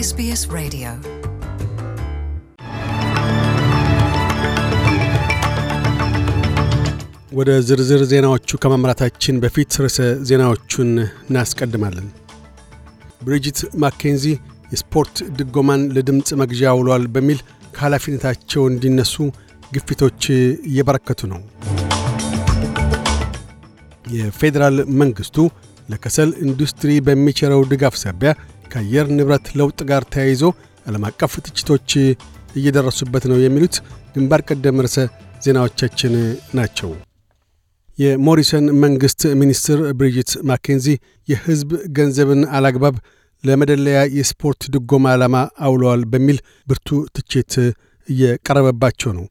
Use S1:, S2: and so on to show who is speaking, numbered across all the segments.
S1: ኤስቢኤስ ሬዲዮ ወደ ዝርዝር ዜናዎቹ ከማምራታችን በፊት ርዕሰ ዜናዎቹን እናስቀድማለን። ብሪጅት ማኬንዚ የስፖርት ድጎማን ለድምፅ መግዣ ውሏል በሚል ከኃላፊነታቸው እንዲነሱ ግፊቶች እየበረከቱ ነው። የፌዴራል መንግሥቱ ለከሰል ኢንዱስትሪ በሚቸረው ድጋፍ ሳቢያ ከአየር ንብረት ለውጥ ጋር ተያይዞ ዓለም አቀፍ ትችቶች እየደረሱበት ነው የሚሉት ግንባር ቀደም ርዕሰ ዜናዎቻችን ናቸው። የሞሪሰን መንግሥት ሚኒስትር ብሪጅት ማኬንዚ የሕዝብ ገንዘብን አላግባብ ለመደለያ የስፖርት ድጎማ ዓላማ አውለዋል በሚል ብርቱ ትችት እየቀረበባቸው ነው።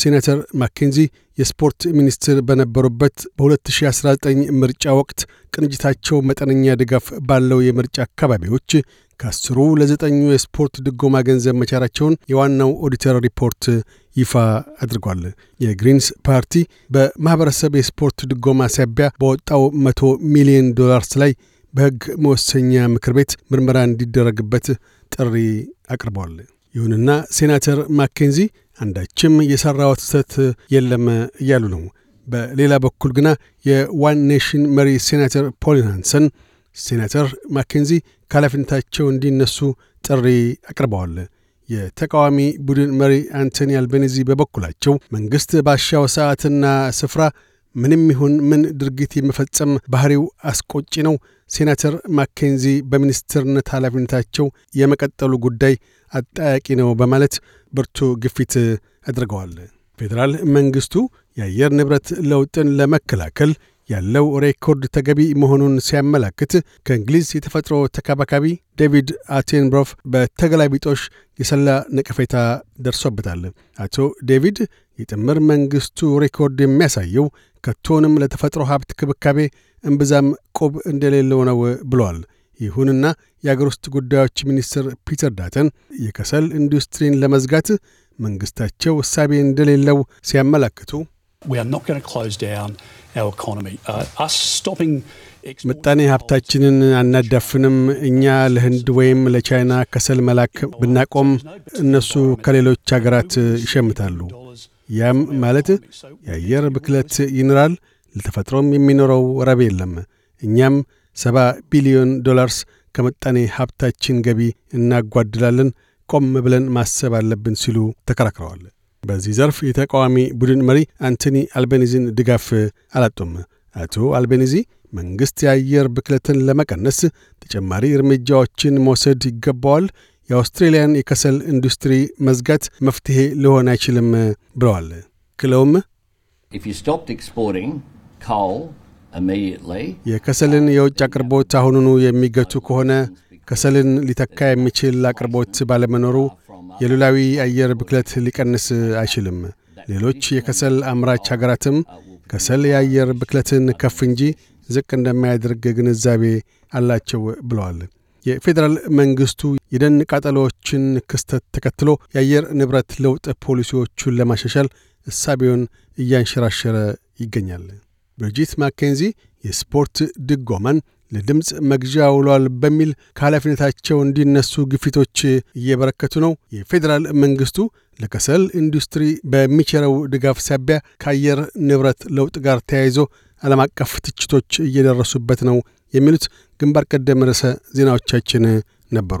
S1: ሴናተር ማኬንዚ የስፖርት ሚኒስትር በነበሩበት በ2019 ምርጫ ወቅት ቅንጅታቸው መጠነኛ ድጋፍ ባለው የምርጫ አካባቢዎች ከአስሩ ለዘጠኙ የስፖርት ድጎማ ገንዘብ መቻራቸውን የዋናው ኦዲተር ሪፖርት ይፋ አድርጓል። የግሪንስ ፓርቲ በማኅበረሰብ የስፖርት ድጎማ ሳቢያ በወጣው መቶ ሚሊዮን ዶላርስ ላይ በሕግ መወሰኛ ምክር ቤት ምርመራ እንዲደረግበት ጥሪ አቅርበዋል። ይሁንና ሴናተር ማኬንዚ አንዳችም የሠራሁት ስህተት የለም እያሉ ነው። በሌላ በኩል ግና የዋን ኔሽን መሪ ሴናተር ፖሊን ሃንሰን ሴናተር ማኬንዚ ከኃላፊነታቸው እንዲነሱ ጥሪ አቅርበዋል። የተቃዋሚ ቡድን መሪ አንቶኒ አልቤኒዚ በበኩላቸው መንግሥት ባሻው ሰዓትና ስፍራ ምንም ይሁን ምን ድርጊት የመፈጸም ባህሪው አስቆጪ ነው። ሴናተር ማኬንዚ በሚኒስትርነት ኃላፊነታቸው የመቀጠሉ ጉዳይ አጠያቂ ነው በማለት ብርቱ ግፊት አድርገዋል። ፌዴራል መንግስቱ የአየር ንብረት ለውጥን ለመከላከል ያለው ሬኮርድ ተገቢ መሆኑን ሲያመላክት ከእንግሊዝ የተፈጥሮ ተከባካቢ ዴቪድ አቴንብሮፍ በተገላቢጦሽ የሰላ ነቀፌታ ደርሶበታል። አቶ ዴቪድ የጥምር መንግሥቱ ሬኮርድ የሚያሳየው ከቶንም ለተፈጥሮ ሀብት ክብካቤ እምብዛም ቁብ እንደሌለው ነው ብሏል። ይሁንና የአገር ውስጥ ጉዳዮች ሚኒስትር ፒተር ዳተን የከሰል ኢንዱስትሪን ለመዝጋት መንግሥታቸው እሳቤ እንደሌለው ሲያመላክቱ Uh, ምጣኔ ሀብታችንን አናዳፍንም። እኛ ለህንድ ወይም ለቻይና ከሰል መላክ ብናቆም እነሱ ከሌሎች ሀገራት ይሸምታሉ። ያም ማለት የአየር ብክለት ይኖራል፣ ለተፈጥሮም የሚኖረው ረብ የለም። እኛም ሰባ ቢሊዮን ዶላርስ ከምጣኔ ሀብታችን ገቢ እናጓድላለን። ቆም ብለን ማሰብ አለብን ሲሉ ተከራክረዋል። በዚህ ዘርፍ የተቃዋሚ ቡድን መሪ አንቶኒ አልቤኒዚን ድጋፍ አላጡም። አቶ አልቤኒዚ መንግሥት የአየር ብክለትን ለመቀነስ ተጨማሪ እርምጃዎችን መውሰድ ይገባዋል፣ የአውስትሬልያን የከሰል ኢንዱስትሪ መዝጋት መፍትሔ ሊሆን አይችልም ብለዋል። ክለውም የከሰልን የውጭ አቅርቦት አሁኑኑ የሚገቱ ከሆነ ከሰልን ሊተካ የሚችል አቅርቦት ባለመኖሩ የሉላዊ አየር ብክለት ሊቀንስ አይችልም። ሌሎች የከሰል አምራች ሀገራትም ከሰል የአየር ብክለትን ከፍ እንጂ ዝቅ እንደማያደርግ ግንዛቤ አላቸው ብለዋል። የፌዴራል መንግስቱ የደን ቃጠሎዎችን ክስተት ተከትሎ የአየር ንብረት ለውጥ ፖሊሲዎቹን ለማሻሻል እሳቤውን እያንሸራሸረ ይገኛል። ብርጅት ማኬንዚ የስፖርት ድጎማን ለድምፅ መግዣ ውሏል በሚል ከኃላፊነታቸው እንዲነሱ ግፊቶች እየበረከቱ ነው። የፌዴራል መንግስቱ ለከሰል ኢንዱስትሪ በሚቸረው ድጋፍ ሳቢያ ከአየር ንብረት ለውጥ ጋር ተያይዞ ዓለም አቀፍ ትችቶች እየደረሱበት ነው የሚሉት ግንባር ቀደም ርዕሰ ዜናዎቻችን ነበሩ።